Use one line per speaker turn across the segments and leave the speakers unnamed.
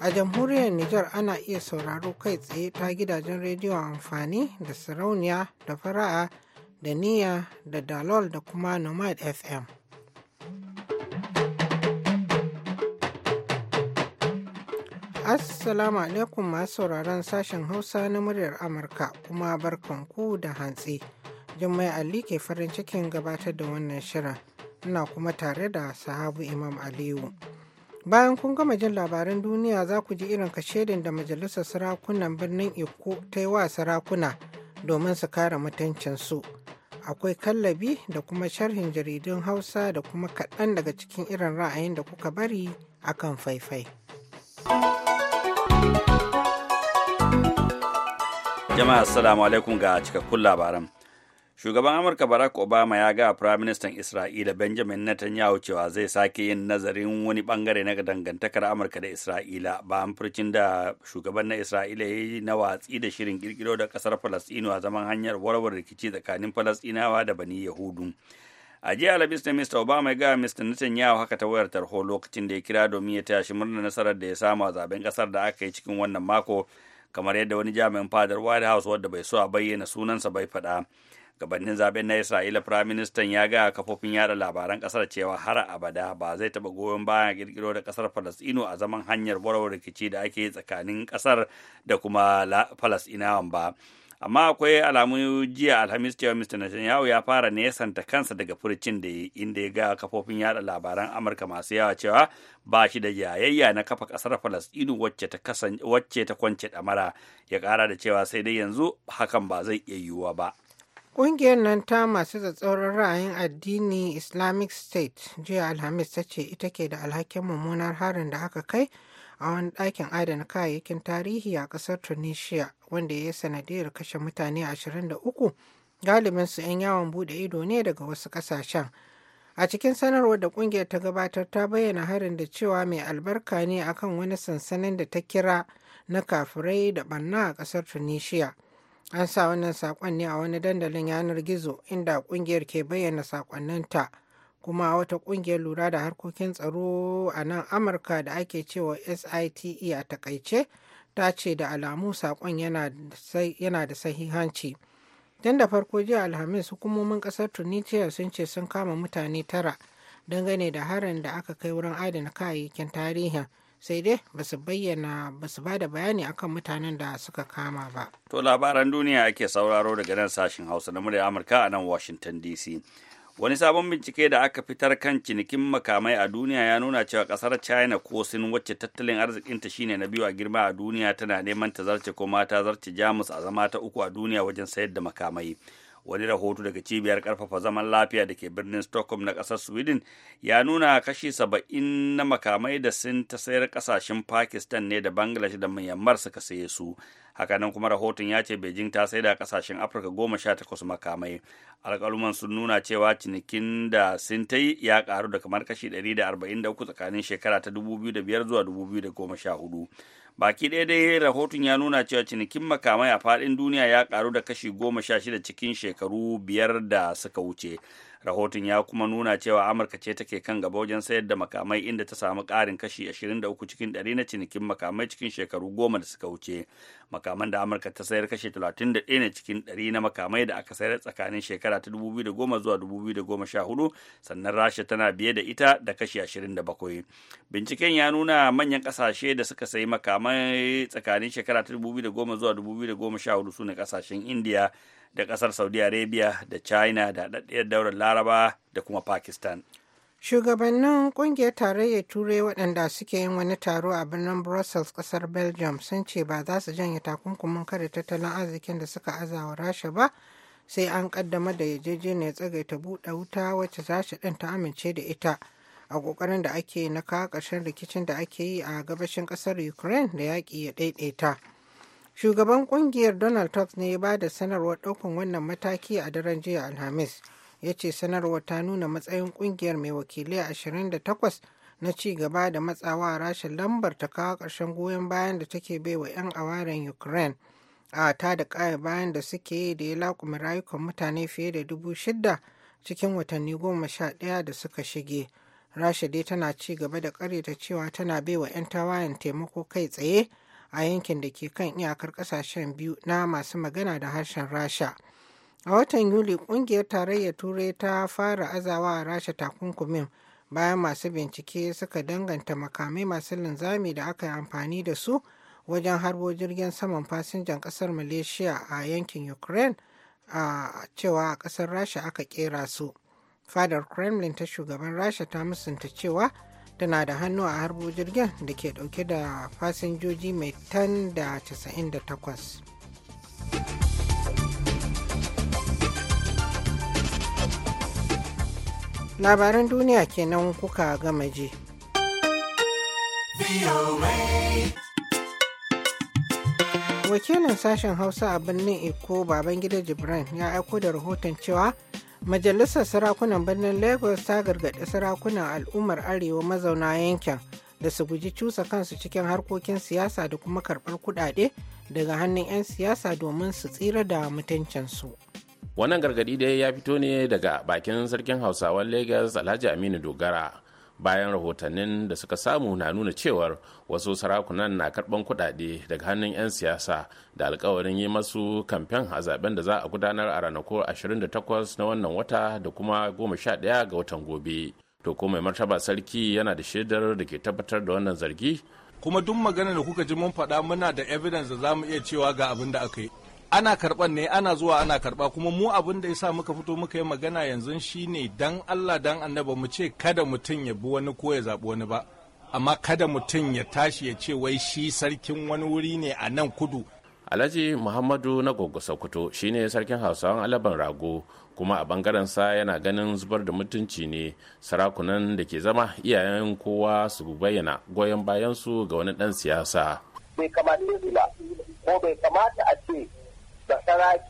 A jamhuriyar Nijar ana iya sauraro kai tsaye ta gidajen rediyo amfani da sarauniya da fara'a da niyya da dalol da kuma nomad FM. Assalamu alaikum masu sauraron sashen Hausa na muryar Amurka kuma barkanku da hantsi. Jummai Ali ke farin cikin gabatar da wannan shirin. Ina kuma tare da sahabu Imam Aliyu. Bayan kun gama jin labaran duniya za ku ji irin kashedin da Majalisar Sarakunan Birnin Eko ta yi wa sarakuna domin su kare mutuncinsu. Akwai kallabi da kuma sharhin jaridun Hausa da kuma kaɗan daga cikin irin ra'ayin da kuka bari akan faifai.
Jama'a Assalamu alaikum ga cikakkun labaran. shugaban amurka barack obama ya ga firaministan isra'ila benjamin netanyahu cewa zai sake yin nazarin wani bangare na dangantakar amurka da isra'ila ba furcin da shugaban na isra'ila ya yi na watsi da shirin kirkiro da kasar falastinu a zaman hanyar warware rikici tsakanin falastinawa da bani yahudu a jiya alhamis da mr obama ya ga mr netanyahu haka ta wayar tarho lokacin da ya kira domin ya tashi murnar nasarar da ya samu a zaben kasar da aka yi cikin wannan mako kamar yadda wani jami'in fadar white house wadda bai so a bayyana sunansa bai faɗa gabanin zaben na isra'ila firaministan ya gaya kafofin yada labaran kasar cewa har abada ba zai taba goyon bayan kirkiro da kasar falastino a zaman hanyar warware rikici da ake tsakanin kasar da kuma falastinawan ba amma akwai alamun jiya alhamis cewa mr netanyahu ya fara nesanta kansa daga furcin da inda ya ga kafofin yada labaran amurka masu yawa cewa ba shi da yayayya na kafa kasar falasɗinu wacce ta kwance damara ya kara da cewa sai dai yanzu hakan ba zai iya yiwuwa ba
Ƙungiyar nan ta masu tsatsauran ra'ayin addini Islamic State jiya Alhamis ta ce ita ke da alhakin mummunar harin da aka kai a wani ɗakin adana kayayyakin tarihi a ƙasar Tunisia wanda ya yi sanadiyar kashe mutane 23 galibin su 'yan yawon buɗe ido ne daga wasu ƙasashen. A cikin sanarwar da ƙungiyar ta gabatar ta bayyana harin da cewa mai albarka ne akan wani sansanin da ta kira na kafirai da ɓanna a ƙasar Tunisia. An sa wannan saƙon ne a wani dandalin yanar gizo inda ƙungiyar ke bayyana saƙonninta kuma wata ƙungiyar lura da harkokin tsaro a nan Amurka da ake cewa SITE a takaice ta ce da alamu saƙon yana da sahihanci. Tun da farko jiya Alhamis hukumomin ƙasar Tunisia sun ce sun kama mutane tara dangane da harin da aka kai wurin adana kayayyakin tarihin. sai dai ba su bayyana ba su bada bayani akan mutanen da suka kama ba.
To labaran duniya ake sauraro daga nan sashen Hausa na murya Amurka a nan Washington DC. Wani sabon bincike da aka fitar kan cinikin makamai a duniya ya nuna cewa kasar China ko Sin wacce tattalin arzikinta shine na biyu a girma a duniya tana neman ta zarce ko mata zarce Jamus a zama ta uku a duniya wajen sayar da makamai. wani rahoto daga cibiyar karfafa zaman lafiya da ke birnin stockholm na kasar sweden ya nuna kashi saba'in na makamai da sun ta sayar kasashen pakistan ne da bangladesh da myanmar suka saye su hakanan kuma rahoton ya ce beijing ta sai da kasashen afirka goma sha takwas makamai alkaluman sun nuna cewa cinikin da sun ta yi ya karu da kamar kashi 143 tsakanin shekara ta 2005 zuwa 2014 baki ɗaya dai rahoton ya nuna cewa cinikin makamai a faɗin duniya ya ƙaru da kashi goma sha shida cikin shekaru biyar da suka wuce rahoton ya kuma nuna cewa amurka ce take kan gaba wajen sayar da makamai inda ta samu ƙarin kashi 23 cikin 100 na cinikin makamai cikin shekaru goma da suka wuce makaman da amurka ta sayar kashi 31 na cikin 100 na makamai da aka sayar tsakanin shekara ta 2010 zuwa 2014 sannan rasha tana biye da ita da kashi 27 binciken ya nuna manyan kasashe da suka sayi makamai tsakanin shekara ta 2010 zuwa 2014 su ne kasashen indiya da kasar saudi arabia da china da haɗaɗɗiyar daular laraba da kuma pakistan
shugabannin kungiyar tarayyar turai waɗanda suke yin wani taro a birnin brussels ƙasar belgium sun ce ba za su janye takunkumin kare tattalin arzikin da suka azawa rasha ba sai an ƙaddamar da yarjejeniyar tsagaita buɗe wuta wacce za shi ɗin ta amince da ita a ƙoƙarin da ake na kawo ƙarshen rikicin da ake yi a gabashin ƙasar ukraine da yaƙi ya ɗaiɗaita Shugaban kungiyar Donald Tusk ne ya ba da sanarwar ɗaukan wannan mataki a daren jiya Alhamis. Ya ce sanarwar ta nuna matsayin kungiyar mai wakilai 28 na ci gaba da matsawa a rashin lambar ta kawo ƙarshen goyon bayan da take baiwa 'yan awaren Ukraine. a ta da ƙaya bayan da suke da ya laƙumi rayukan mutane fiye da dubu shida cikin watanni goma sha ɗaya da suka shige. Rasha dai tana ci gaba da ƙaryata cewa tana baiwa 'yan tawayen taimako kai tsaye a yankin da ke kan iyakar kasashen biyu na masu magana da harshen rasha a watan yuli kungiyar tarayyar turai ta fara azawa a rasha takunkumin bayan masu bincike suka danganta makamai masu linzami da aka yi amfani da su wajen harbo jirgin saman fasinjan kasar malaysia a yankin ukraine a cewa a kasar rasha aka kera su fadar kremlin ta shugaban rasha ta musanta cewa tana da hannu a harbo jirgin da ke dauke da fasinjoji mai tan da 98 labaran duniya kenan kuka gama je wakilin sashen hausa a birnin eko babangida jibran ya aiko da rahoton cewa Majalisar Sarakunan Birnin Lagos ta gargaɗi sarakunan al'ummar Arewa mazauna yankin da su guji cusa kansu cikin harkokin siyasa da kuma karɓar kuɗaɗe daga hannun 'yan siyasa domin su tsira da mutuncinsu.
Wannan gargaɗi dai ya fito ne daga bakin sarkin Hausawan Lagos Alhaji Aminu Dogara. bayan rahotannin da suka samu na nuna cewar wasu sarakunan na karban kudade daga hannun 'yan siyasa da alkawarin yi masu kamfen a zaben da za a gudanar a ranakun 28 na wannan wata da kuma 11 ga watan gobe to ko mai martaba sarki yana da shaidar da ke tabbatar da wannan zargi kuma duk magana da kuka ji mun faɗa muna da evidence da za mu iya cewa ga abin da aka yi ana karban ne ana zuwa ana karɓa kuma mu abin da ya sa muka fito muka yi magana yanzu shine dan Allah dan annaba mu ce kada mutum ya bi wani ko ya zabi wani ba amma kada mutum ya tashi ya ce wai shi sarkin wani wuri ne a nan kudu Alhaji Muhammadu na Gogo Sokoto shine sarkin Hausawan Alaban Rago kuma a bangaren sa yana ganin zubar da mutunci ne sarakunan da ke zama iyayen kowa su bayyana goyon bayan su ga wani dan siyasa.
ko bai kamata a ce basara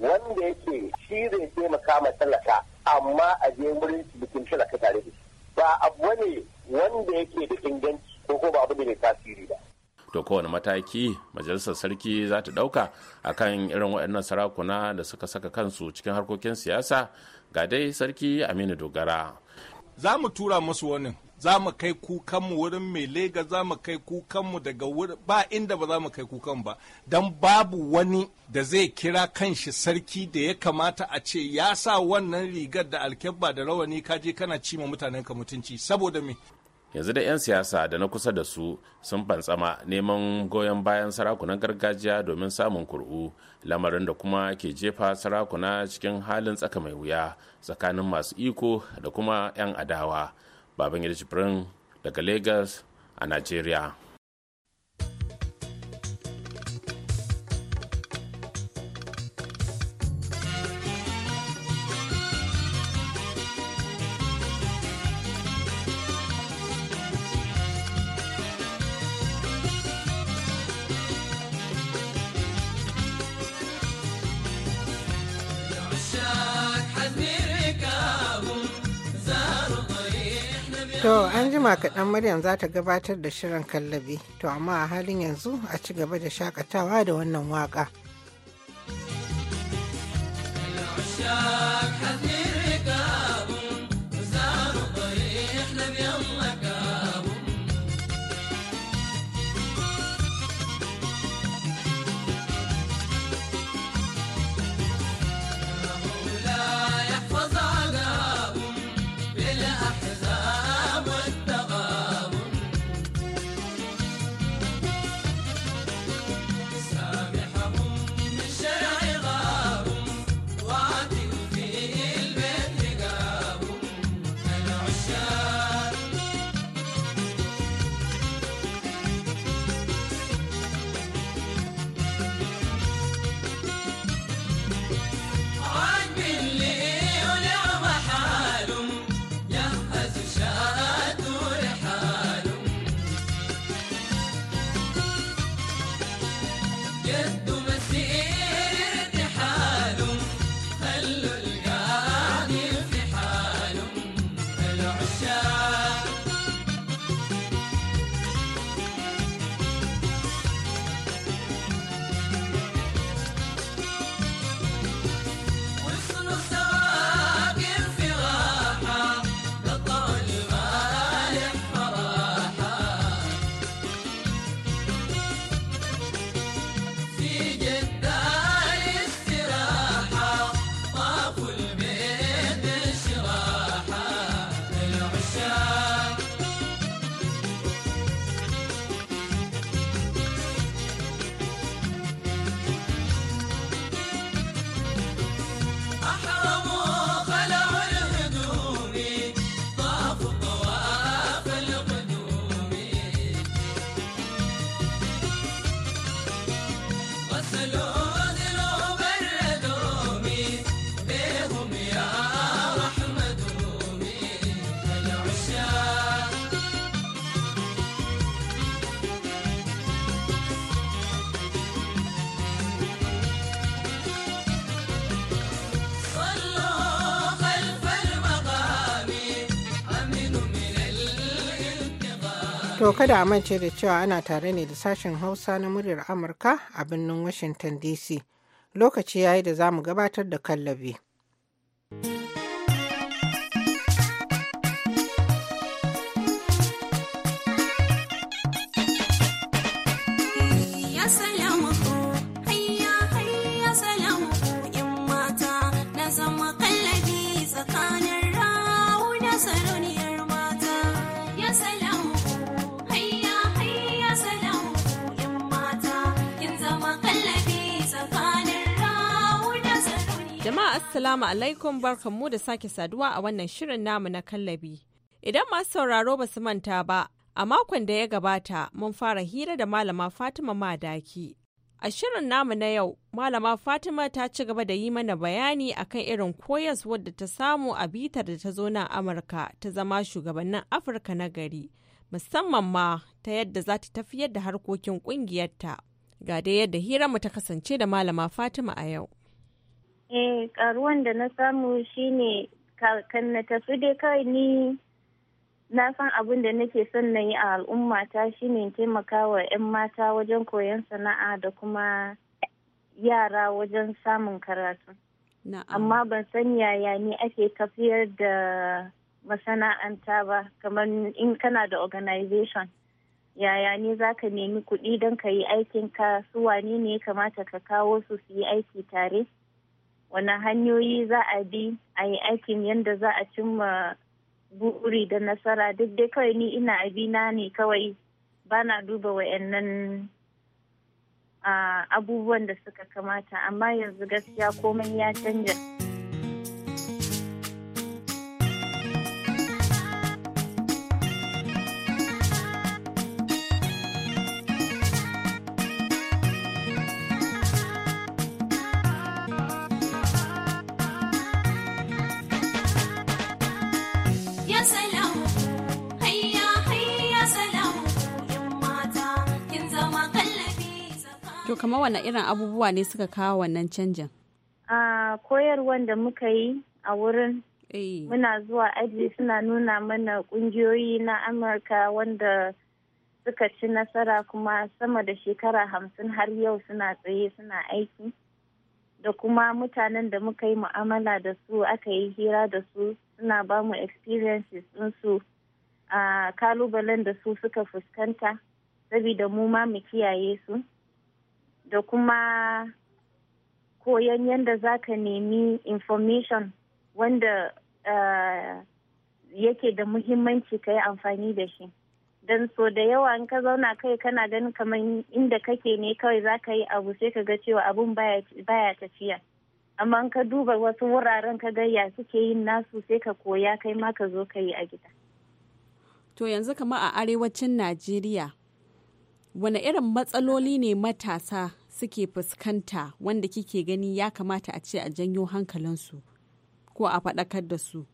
wanda yake shi zai taimaka ma talaka amma a je wurin bikin talaka tare da shi ba abu ne wanda yake da inganci ko ko ba abu da mai tasiri ba
to kowane mataki majalisar sarki za ta dauka akan irin waɗannan sarakuna da suka saka kansu cikin harkokin siyasa ga dai sarki aminu dogara za mu tura musu wani za mu kai kukanmu wurin mai lega za mu kai kukanmu daga wurin ba inda ba za mu kai kukan ba don babu wani da zai kira kanshi sarki da ya kamata a ce ya sa wannan rigar da alkebba da rawani kaje kana ma mutanen ka mutunci saboda me yanzu da 'yan siyasa da na kusa da su sun fantsama neman goyon bayan sarakunan gargajiya domin samun kur'u lamarin da kuma ke jefa sarakuna cikin halin tsaka mai wuya tsakanin masu iko da kuma 'yan adawa babangida jibrin daga lagos a nigeria
kaɗan Maryam za ta gabatar da shirin kallabi, to amma a halin yanzu a ci gaba da shakatawa da wannan waƙa. To kada a mance da cewa ana tare ne da sashen Hausa na muryar Amurka a birnin Washington DC. Lokaci ya yi da za mu gabatar da kallabi.
Jama'a Assalamu alaikum barkanmu da sake saduwa a wannan shirin namu na kallabi. Idan masu sauraro ba su manta ba, a makon da ya gabata mun fara hira da Malama Fatima Madaki. A shirin namu na yau, Malama Fatima ta ci gaba da yi mana bayani akan irin koyaswar da ta samu a bitar da ta zo nan Amurka ta zama shugabannin Afirka na gari, musamman ma ta yadda za ta tafiyar da harkokin ƙungiyarta. Ga dai yadda hiranmu ta kasance da Malama Fatima a yau.
eh karuwan da na samu shine kan na tafi dai kawai ni na san abin da nake son na yi a al'ummata shine taimaka wa 'yan mata wajen koyon sana'a da kuma yara wajen samun karatu amma ban san yaya ne ake tafiyar da masana'anta ba kamar in kana da organization yaya ne za ka nemi kuɗi don ka yi aikin ka su wane ne kamata ka kawo su su yi aiki tare wani hanyoyi za a bi a yi aikin yadda za a cimma buri da nasara duk dai kawai ni ina abina ne kawai ba na duba wa'annan ah, abubuwan da suka kamata amma yanzu gaskiya komai ya canja.
kamar wani irin abubuwa ne suka kawo wannan canjin?
A koyarwan da muka yi a wurin eh. muna zuwa aji suna nuna mana kungiyoyi na Amurka wanda suka ci nasara kuma sama da shekara hamsin har yau suna tsaye suna aiki. Da kuma mutanen da muka yi mu'amala da su aka yi hira da su suna ba mu experiences su a kalubalen da su suka fuskanta. saboda mu ma mu kiyaye su da kuma koyon yadda za ka nemi information wanda uh, yake da muhimmanci ka yi amfani da shi don so da yawa in ka zauna kai kana ganin kamar inda kake ne kawai za ka yi abu sai ka ga cewa abun baya tafiya amma in ka duba wasu wuraren ka ga ya suke yin nasu sai ka koya kai ma ka zo ka yi a gida to
yanzu kama a arewacin najeriya wane irin matsaloli ne matasa suke fuskanta wanda kike gani ya kamata a ce a janyo hankalinsu ko a faɗakar da su?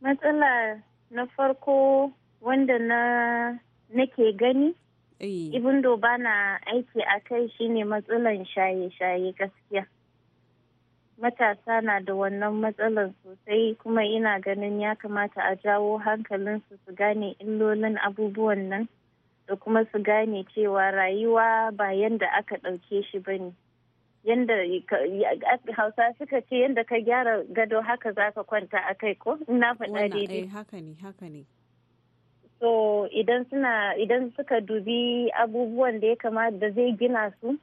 Matsala na farko wanda na nake gani, ibin ba na aiki a kai shine matsalan shaye-shaye gaskiya. Matasa na da wannan matsalan sosai kuma ina ganin ya kamata a jawo hankalinsu su gane illolin abubuwan nan. da kuma su gane cewa rayuwa ba yanda aka ɗauke shi ba ne yanda hausa suka ce yanda ka gyara gado haka za ka kwanta a kai ko na faɗa eh, daidai haka ne haka ne so idan suka dubi abubuwan da ya kamata da zai gina su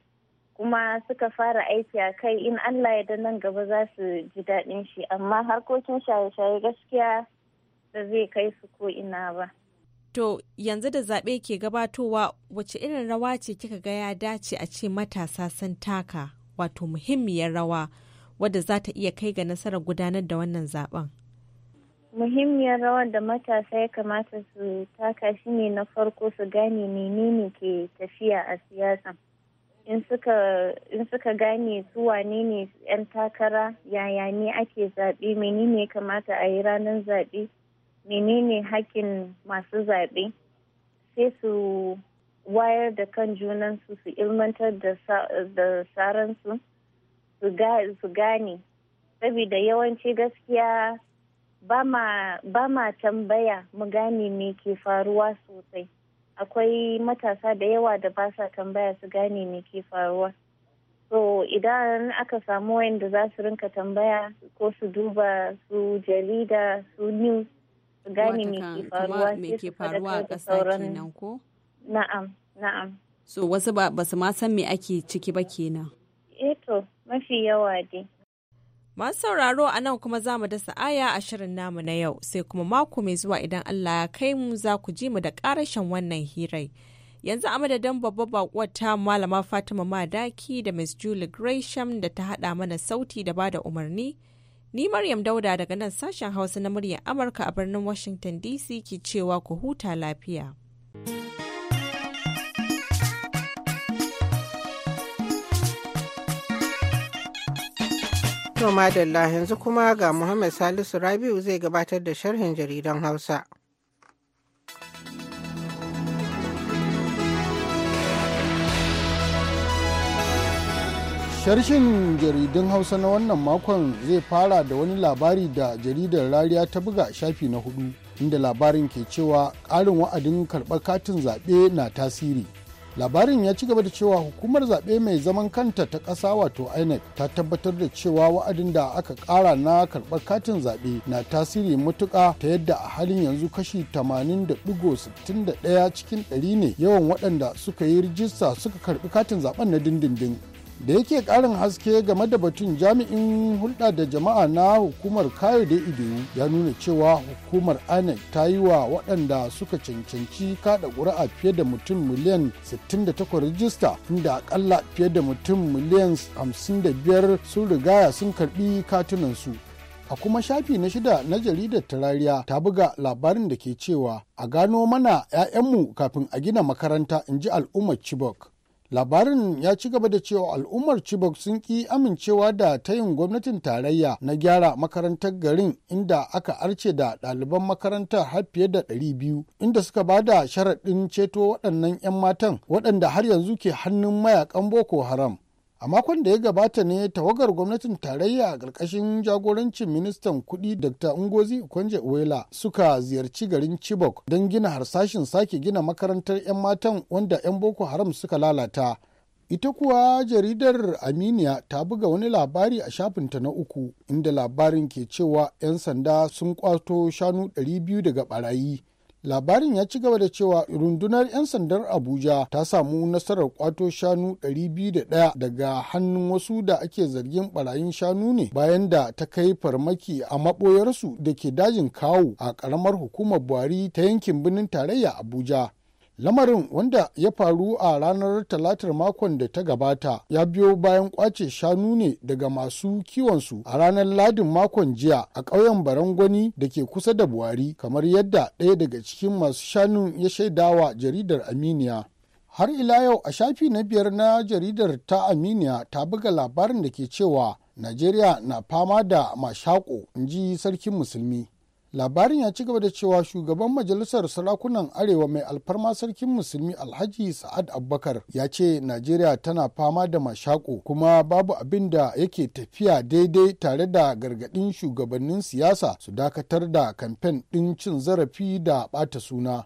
kuma suka fara aiki a kai in allah ya da nan gaba za su ji daɗin shi amma harkokin shaye-shaye gaskiya da zai kai su ko ina ba
To yanzu da zaɓe ke gabatowa wace irin rawa ce kika ga ya dace a ce matasa sun taka wato muhimmiyar rawa wadda za ta iya kai ga nasarar gudanar da wannan zaben.
Muhimmiyar rawar da matasa ya kamata su taka shi ne na farko su gane menene ke tafiya a siyasa. In suka gane su wane ne 'yan takara yaya ne ake zaɓe menene ya kamata a yi ranar zaɓe. menene hakin masu zaɓe sai su wayar da kan junansu su ilmantar da saransu su gane saboda yawanci gaskiya ba ma tambaya mu gane me ke faruwa sosai akwai matasa da yawa da ba sa tambaya su gane me ke faruwa so idan aka samu wayanda za su rinka tambaya ko su duba su jarida su news gane me ke faruwa a ƙasa kenan ko? Na'am, na'am.
So wasu ba su ma san me ake ciki ba kenan.
Eto, eh mafi yawa dai. Masu sauraro
a nan kuma za mu dasa aya a shirin namu na yau sai kuma mako mai zuwa idan Allah ya kai mu za ku ji mu da karashen wannan hirai. Yanzu a madadin babba bakuwar ta malama Fatima Madaki da Miss Julie Gresham da ta haɗa mana sauti da bada umarni. Ni Maryam Dauda daga nan sashen Hausa na muryar Amurka a birnin Washington DC ke cewa ku
huta lafiya. To madalla yanzu kuma ga Muhammad Salisu Rabiu zai gabatar da sharhin jaridan Hausa.
Sharshin jaridun Hausa na wannan makon zai fara da wani labari da jaridar rariya ta buga shafi na hudu inda labarin ke cewa ƙarin wa'adin karɓar katin zaɓe na tasiri. Labarin ya ci gaba da cewa hukumar zaɓe mai zaman kanta ta ƙasa wato INEC ta tabbatar da cewa wa'adin da aka ƙara na karɓar katin zaɓe na tasiri matuƙa ta yadda a halin yanzu kashi 80.61 cikin 100 ne yawan waɗanda suka yi rijista suka karɓi katin zaɓen na dindindin. da yake karin haske game da batun jami'in hulɗa da jama'a na hukumar da ido ya nuna cewa hukumar anec ta yi wa waɗanda suka cancanci kada ƙuri'a fiye da mutum miliyan 68 rijista inda akalla fiye da mutum miliyan 55 sun rigaya sun karɓi katunansu a kuma shafi na shida na jaridar tarariya ta buga labarin da ke cewa a gano mana 'ya'yanmu kafin a gina makaranta in ji al'ummar chibok labarin ya ci gaba da cewa al'ummar chibok sun ki amincewa da ta yin gwamnatin tarayya na gyara makarantar garin inda aka arce da ɗaliban makarantar har fiye da 200 inda suka ba da sharaɗin ceto waɗannan 'yan matan waɗanda har yanzu ke hannun mayakan boko haram a makon da ya gabata ne tawagar gwamnatin tarayya a ƙarƙashin jagorancin ministan kuɗi dr ngozi kwanje uwela suka ziyarci garin chibok don gina harsashin sake gina makarantar 'yan matan wanda 'yan boko haram suka lalata ita kuwa jaridar aminiya ta buga wani labari a shafinta na uku inda labarin ke cewa 'yan sanda sun kwato shanu 200 daga barayi labarin ya ci gaba da cewa rundunar 'yan sandar abuja ta samu nasarar kwato shanu 201 daga hannun wasu da ake zargin barayin shanu ne bayan da ta kai farmaki a maboyarsu da ke dajin kawu a karamar hukumar buhari ta yankin birnin tarayya abuja lamarin wanda ya faru a ranar talatar makon da ta gabata ya biyo bayan kwace shanu ne daga masu kiwonsu a ranar ladin makon jiya a ƙauyen barangwani da ke kusa da buhari kamar yadda ɗaya daga cikin masu shanu ya shaidawa jaridar aminiya har ila yau a shafi na biyar na jaridar ta aminiya ta buga labarin da ke cewa najeriya na fama da mashako in ji sarkin musulmi labarin ya ci gaba da cewa shugaban majalisar sarakunan arewa mai alfarma sarkin musulmi alhaji sa'ad abubakar ya ce najeriya tana fama da mashako kuma babu abin da yake tafiya daidai tare da gargaɗin shugabannin siyasa su dakatar da kamfen ɗin cin zarafi da ɓata suna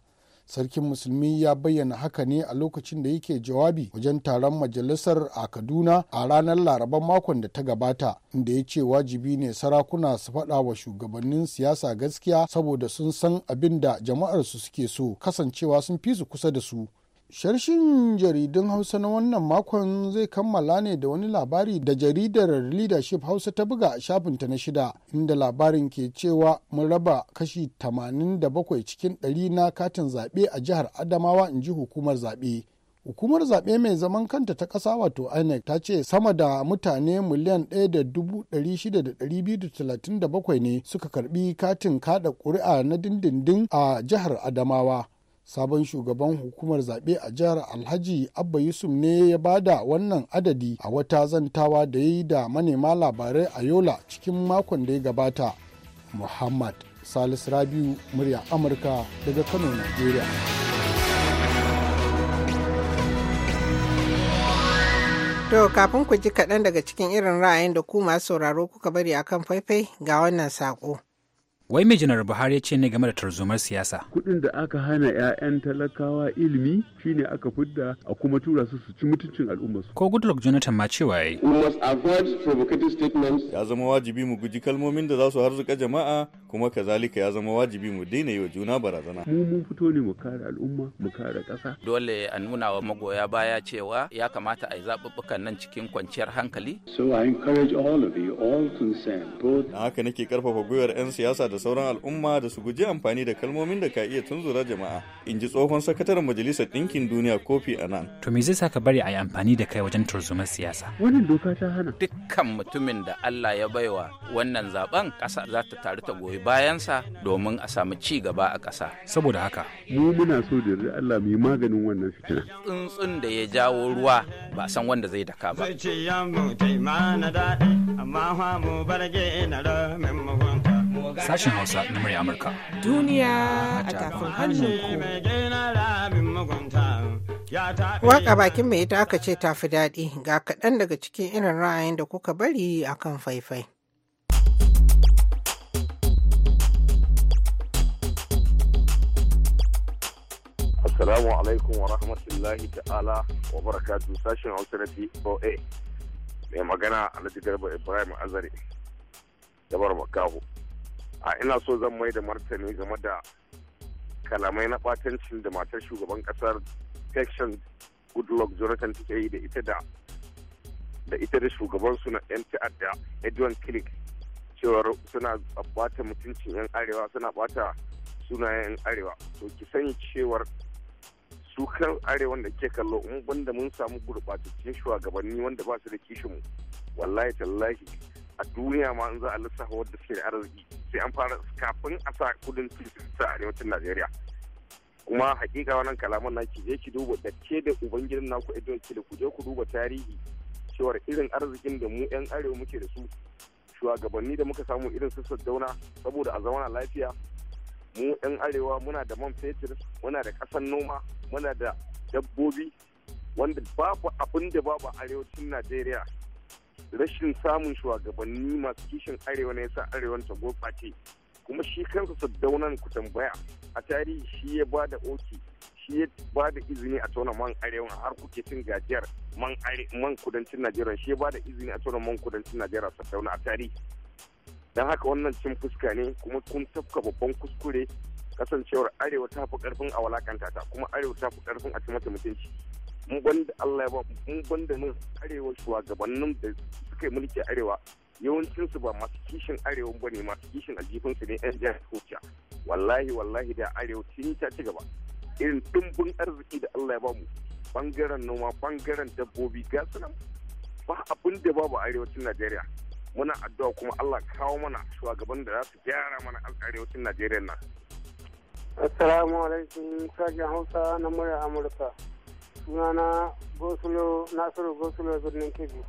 sarkin musulmi ya bayyana haka ne a lokacin da yake jawabi wajen taron majalisar a kaduna a ranar laraban makon da ta gabata inda ya ce wajibi ne sarakuna su faɗa wa shugabannin siyasa gaskiya saboda sun san abin da jama'arsu suke so kasancewa sun fi su kusa da su Sharshin jaridun Hausa na wannan makon zai kammala ne da wani labari da jaridar Leadership Hausa ta buga a shafinta na shida, inda labarin ke cewa mun raba kashi 87 cikin 100 na katin zaɓe a jihar Adamawa in ji hukumar zaɓe. Hukumar zaɓe mai zaman kanta ta ƙasa wato INEC ta ce sama da mutane miliyan 1,637 ne suka karɓi katin kaɗa ƙuri'a na dindindin a jihar Adamawa. sabon shugaban hukumar zaɓe a jihar alhaji abba yusuf ne ya bada wannan adadi a wata zantawa da ya yi da manema labarai a yola cikin makon da ya gabata muhammad salis rabiu murya amurka daga kano
nigeria to kafin ku ji kaɗan daga cikin irin ra'ayin da ku masu sauraro kuka bari akan faifai ga wannan saƙo. Wai mai janar Buhari ya ce ne game da tarzomar siyasa.
Kuɗin da aka hana 'ya'yan talakawa ilimi shine aka fidda a kuma tura su su ci mutuncin al'ummarsu. Ko Goodluck Jonathan ma cewa yayi.
Ya zama wajibi mu guji
kalmomin
da za su harzuka jama'a kuma kazalika ya zama wajibi mu daina yi wa juna barazana. Mu mun fito ne mu kare al'umma mu kare ƙasa. Dole a nuna wa magoya baya cewa ya kamata a yi zaɓuɓɓukan nan cikin kwanciyar hankali. So I encourage all of you all concerned both. Na
haka nake karfafa gwiwar 'yan siyasa da sauran al'umma da su guji amfani da kalmomin da ka iya tunzura jama'a.
In ji tsohon sakataren majalisar ɗinkin duniya Kofi Annan. To me zai sa ka bari a yi amfani da kai wajen turzumar siyasa? Wannan doka ta hana. Dukkan mutumin da Allah ya baiwa wannan zaben ƙasa za ta taru ta goyi goyi bayansa domin a samu ci gaba a ƙasa. Saboda haka. Mu muna so da Allah mu yi maganin wannan fitina. Tsuntsun da ya jawo ruwa ba san wanda zai daka ba.
Sashen Hausa na murya Amurka.
Duniya a tafin hannunku. Waka bakin mai ita aka ce tafi daɗi ga kaɗan daga cikin irin ra'ayin da kuka bari akan faifai.
salamu alaikum wa rahmatullahi ta'ala wa barakatu sashen Hausa na BOA. Mai magana Alhaji Garba Ibrahim azari Jabar makahu A ina so zan mai da martani game da kalamai na batancin da matar shugaban kasar Texan Goodluck Jonathan take yi da ita da da ita da shugabansu na 'yan ta'adda Edwin Kilik cewar suna bata mutuncin 'yan arewa suna bata sunayen arewa to ki sani cewar dukkan arewa arewan da ke kallo in banda mun samu gurɓataccen shugabanni wanda ba su da kishin mu wallahi tallahi a duniya ma in za a lissafa wadda suke da arziki sai an fara kafin a sa kudin kudancin sa arewacin najeriya kuma hakika wannan kalaman na ki je ki duba da ke da ubangidan naku edwin ki da ku je ku duba tarihi cewar irin arzikin da mu yan arewa muke da su shugabanni da muka samu irin su saboda a zauna lafiya mu ɗan arewa muna da man fetur muna da kasan noma muna da dabbobi wanda babu abin da babu arewacin najeriya rashin samun shugabanni masu kishin arewa ne yasa arewan ta gurɓace kuma shi kansa saddaunan ku tambaya a tarihi shi ya ba da oki shi ya ba da izini a tona man arewa har kuke cin gajiyar man kudancin najeriya shi ya ba da izini a tona man kudancin najeriya tauna a tarihi don haka wannan cin fuska ne kuma kun tafka babban kuskure kasancewar arewa ta fi karfin a walakanta ta kuma arewa ta fi karfin a cimata mutunci mun gwanda Allah ya ba mun banda mun arewa shugabannin da suka yi mulki arewa yawancin su ba masu kishin arewa ba ne masu kishin aljifin su ne yan jihar Kucha wallahi wallahi da arewa sun ta ci gaba irin dumbin arziki da Allah ya ba mu bangaren noma bangaren dabbobi ga nan ba abin da babu arewacin Najeriya muna addu'a kuma Allah kawo mana shugaban da za su gyara mana arewacin Najeriya nan. Assalamu alaikum sashen Hausa na murya Amurka. Sunana Gosulo Nasiru Gosulo birnin Kebbi.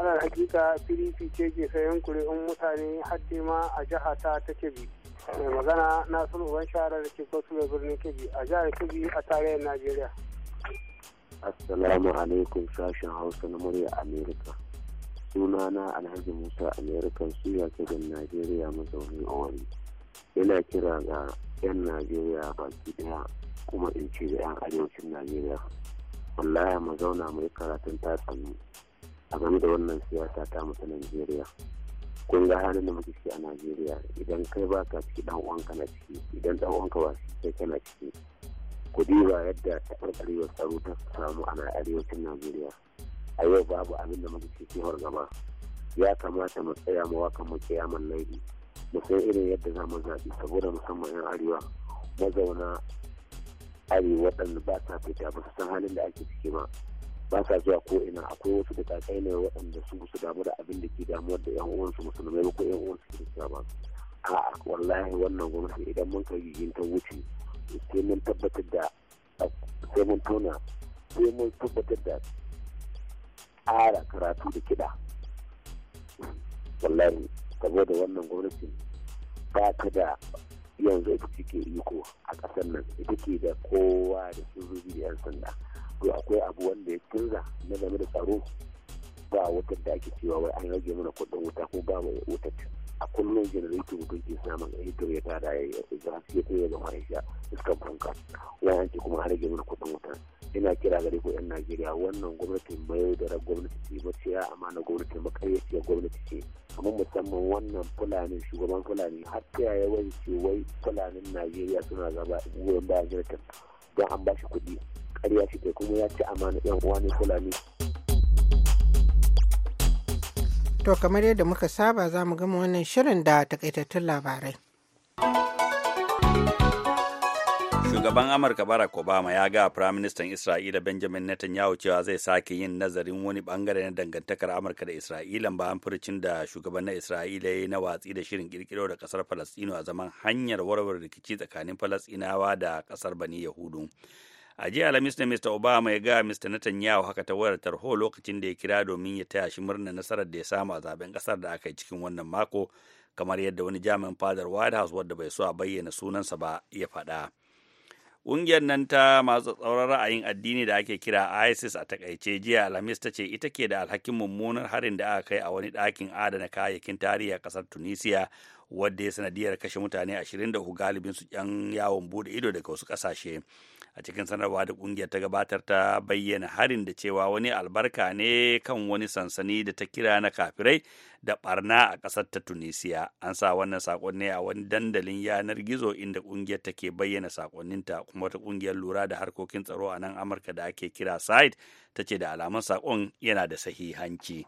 Ana da hakika PDP ce ke sayan kuri'un mutane haddi ma a jiha ta ta Kebbi. Mai magana Nasiru Uban Shara da ke Gosulo birnin Kebbi a jihar Kebbi a tarayyar Najeriya. Assalamu
alaikum sashen Hausa na murya Amurka. suna na alhaji musa american suya ta da najeriya mazaunin awari yana kira ga 'yan najeriya baki daya kuma in ce da 'yan arewacin najeriya wallahi mazauna mai karatun tatsami a game da wannan siyasa ta mutu najeriya kun ga halin da muke ciki a najeriya idan kai ba ka ciki dan uwanka na ciki idan dan uwanka ba kai kana ciki ku diba yadda taɓarɓarewar tsaro ta samu a arewacin najeriya a yau babu abin da muka ke gaba ya kamata mu tsaya ma waka mu kiyaman laifi mu san irin yadda za mu zaɓi saboda musamman yan arewa mazauna arewa waɗanda ba sa fita ba su san halin da ake ciki ma ba sa zuwa ko ina akwai wasu da kakai ne waɗanda su su damu da abin da ke damuwar da yan uwansu musulmai ba ko yan uwansu kirista ba a'a wallahi wannan gwamnati idan mun kai yin ta wuce sai mun tabbatar da sai mun tona sai mun tabbatar da ƙara karatu da kiɗa wallahi saboda wannan gwamnatin ba ta da yanzu ita take iko a ƙasar nan ita ke da kowa da sojoji da 'yan sanda to akwai abu wanda ya canza na game da tsaro ba wutar da ake cewa wai an rage mana kuɗin wuta ko ba mai wutar a kullum generator mutum ke samun a ya tada ya yi ya ya ta yi zama ya iskan fanka wayan ce kuma har mana kudin wuta ina kira gare ku yan najeriya wannan gwamnatin mai da gwamnati ce maciya amma na gwamnati ce gwamnati ce amma musamman wannan fulani shugaban fulani har ta yaya wani ce wai fulanin najeriya suna gaba wurin bayan jirgin don an ba shi kuɗi ƙarya shi kuma ya ci amana yan uwa ne fulani.
To kamar yadda muka saba za mu gama wannan shirin da takaitattun labarai.
Shugaban Amurka Barack Obama ya ga Firaministan Isra'ila Benjamin Netanyahu cewa zai sake yin nazarin wani bangare na dangantakar Amurka da Isra'ila an furcin da shugaban na Isra'ila ya yi na watsi da shirin kirkiro da kasar falasɗinu a zaman hanyar warware rikici tsakanin falasɗinawa da kasar Bani Yahudu. a jiya alhamis ne mr obama ya ga mr netanyahu haka ta wayar tarho lokacin da ya kira domin ya taya shi murna nasarar da ya samu a zaben kasar da aka yi cikin wannan mako kamar yadda wani jami'in fadar white house wadda bai so a bayyana sunansa ba ya faɗa ƙungiyar nan ta masu tsauran ra'ayin addini da ake kira isis a takaice jiya alhamis ta ce ita ke da alhakin mummunar harin da aka kai a wani ɗakin adana kayayyakin tarihi a ƙasar tunisia wadda ya sanadiyar kashe mutane ashirin 23 galibin su 'yan yawon bude ido daga wasu ƙasashe a cikin sanarwa da kungiyar ta gabatar ta bayyana harin da cewa wani albarka ne kan wani sansani da ta kira na kafirai da barna a ƙasar ta tunisiya an sa wannan sakon ne a wani dandalin yanar gizo inda kungiyar ta ke bayyana sakonninta kuma wata kungiyar lura da harkokin tsaro a nan amurka da ake kira site ta ce da alamun sakon yana da sahihanci.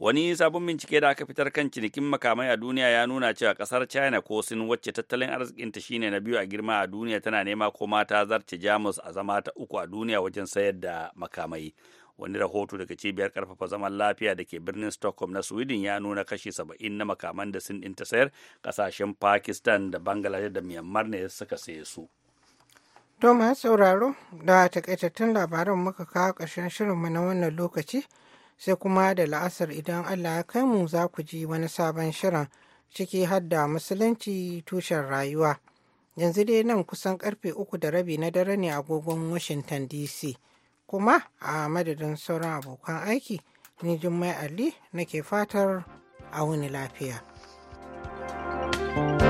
Wani sabon bincike da aka fitar kan cinikin makamai a duniya ya nuna cewa kasar China ko Sin wacce tattalin arzikinta shine na biyu a girma a duniya tana nema ko mata zarce Jamus a zama ta uku a duniya wajen sayar da makamai. Wani rahoto daga cibiyar karfafa zaman lafiya da ke birnin Stockholm na Sweden ya nuna kashi saba'in na makaman da Sin din ta sayar kasashen Pakistan da Bangladesh da Myanmar ne suka saye su.
To sauraro da takaitattun labaran muka kawo ƙarshen mu na wannan lokaci. sai kuma da la'asar idan Allah ya kai mu za ku ji wani sabon shirin ciki har da musulunci tushen rayuwa. Yanzu dai nan kusan karfe uku da rabi na dare ne agogon Washington DC. Kuma a madadin sauran abokan aiki, ni Jummai Ali nake fatar a wani lafiya. thank you